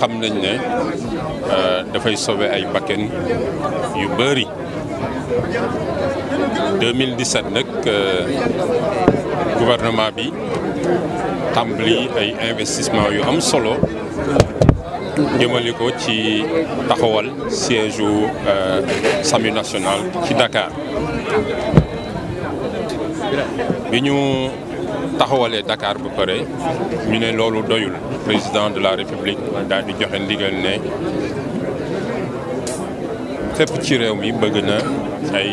xam nañ ne euh, dafay sobe ay bakken yu bëri 2017 nag euh, gouvernement bi tàmbali ay investissement yu am solo jëmale ko ci taxawal siège u euh, SAMU national ci Dakar bi ñu taxawalee dakaar ba pare ñu ne loolu doyul président de la république daal di joxe ndigal ne fépp ci réew mi bëgg na ay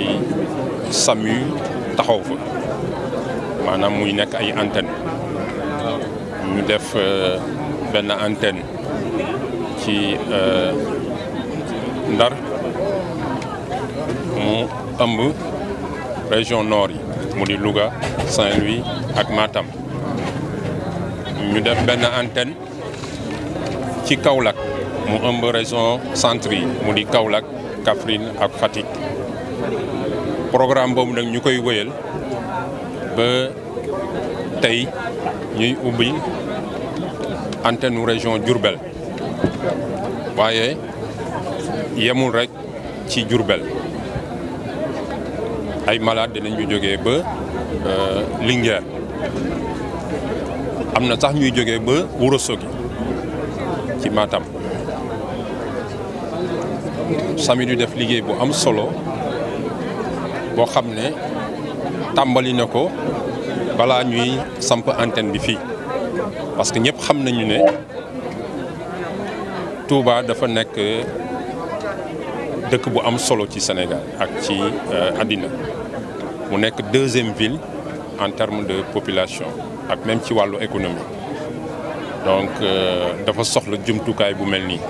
SAMU taxaw fa maanaam muy nekk ay antenne ñu def euh, benn antenne ci euh, Ndar mu ëmb région noor yi mu di Louga Saint-Louis ak Matam ñu def benn antenne ci Kaolack mu ëmb région centre mu di Kaolack Kaffrine ak Fatick programme boobu nag ñu koy wëyal ba tey ñuy ubbi antenne région Diourbel waaye yemul rek ci Diourbel ay malade dinañ ñu jóge ba euh, Linguère am na sax ñuy jóge ba Ourossogui ci Matam sami du def liggéey bu am solo boo xam ne tàmbali na ko balaa ñuy samp antenne bi fii parce que ñëpp xam nañu ne Touba dafa nekk dëkk bu am solo ci Sénégal ak ci euh, àddina mu nekk deuxième ville en terme de population ak même ci wàllu économie donc euh, dafa soxla jumtukaay bu mel nii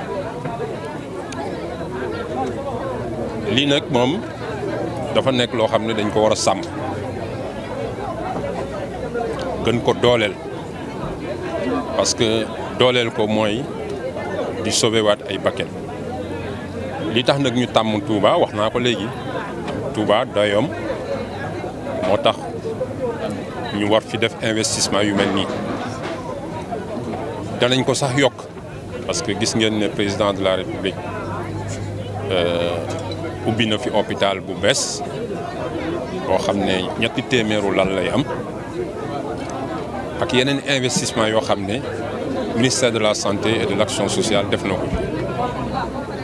lii nag moom dafa nekk loo xam ne dañ ko war a sàmm gën ko dooleel parce que dooleel ko mooy di sauver ay bakkan li tax nag ñu tàmm Touba wax naa ko léegi Touba doyoom moo tax ñu war fi def investissement yu mel nii danañ ko sax yokk parce que gis ngeen ne président de la république euh, ubbi na fi hôpital bu bees boo xam ne ñetti téeméeru lal lay am ak yeneen investissement yoo xam ne ministère de la santé et de l'action sociale def na ko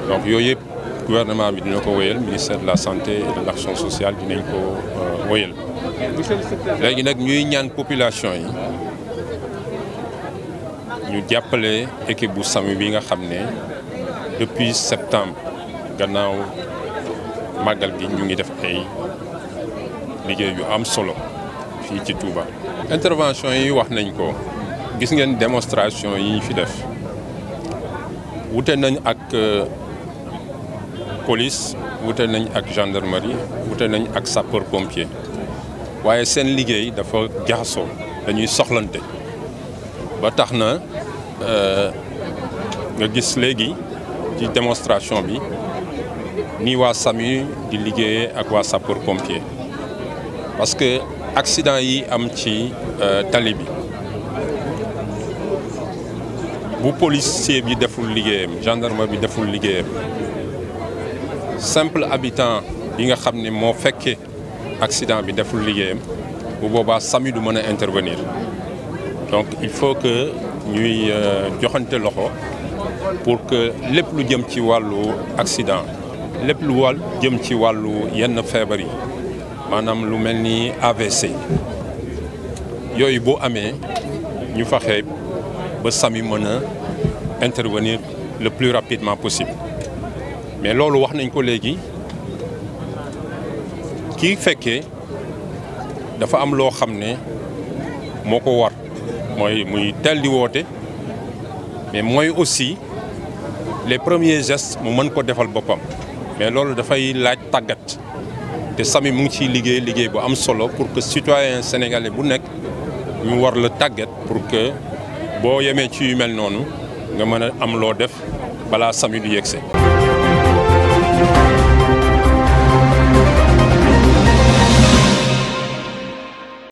donc yooyu yëpp gouvernement bi dina ko wéyal ministère de la santé et de sociale dinañ ko euh, wéyal léegi nag ñuy ñaan population yi ñu jàppale équipe bu SAMU bi nga xam ne depuis septembre gannaaw màggal gi ñu ngi def ay liggéey yu am solo fii ci Touba. intervention yi wax nañ ko gis ngeen démonstration yi ñu fi def wute nañ ak. Euh, police wute nañ ak gendarmerie wute nañ ak sapeur pompier waaye seen liggéey dafa jaxasoo dañuy soxlante ba tax na euh, nga gis léegi ci démonstration bi nii waa sami di liggéeye ak waa sapeur pompier parce que accident yi am ci euh, tali bi bu policier bi deful liggéeyam gendarme bi deful liggéeyam simple habitant bi nga xam ne moo fekkee accident bi deful liggéeyam bu boobaa SAMU du mën a intervenir donc il faut que ñuy euh, joxante loxo pour que lépp lu jëm ci wàllu accident lépp lu wàll jëm ci wàllu yenn feebar yi maanaam lu mel ni AVC yooyu boo amee ñu faxe ba SAMU mën a intervenir le plus rapidement possible mais loolu wax nañ ko léegi ki fekkee dafa am loo xam ne moo ko war mooy muy teel di woote mais mooy aussi les premiers gestes mu mën ko defal boppam mais loolu dafay laaj tàggat te Samy mu ngi ciy liggéey liggéey bu am solo pour que sitoyen sénégalais bu nekk ñu war la tàggat pour que boo yemee ci yu mel noonu nga mën a am loo def balaa Samy du yegsee thank you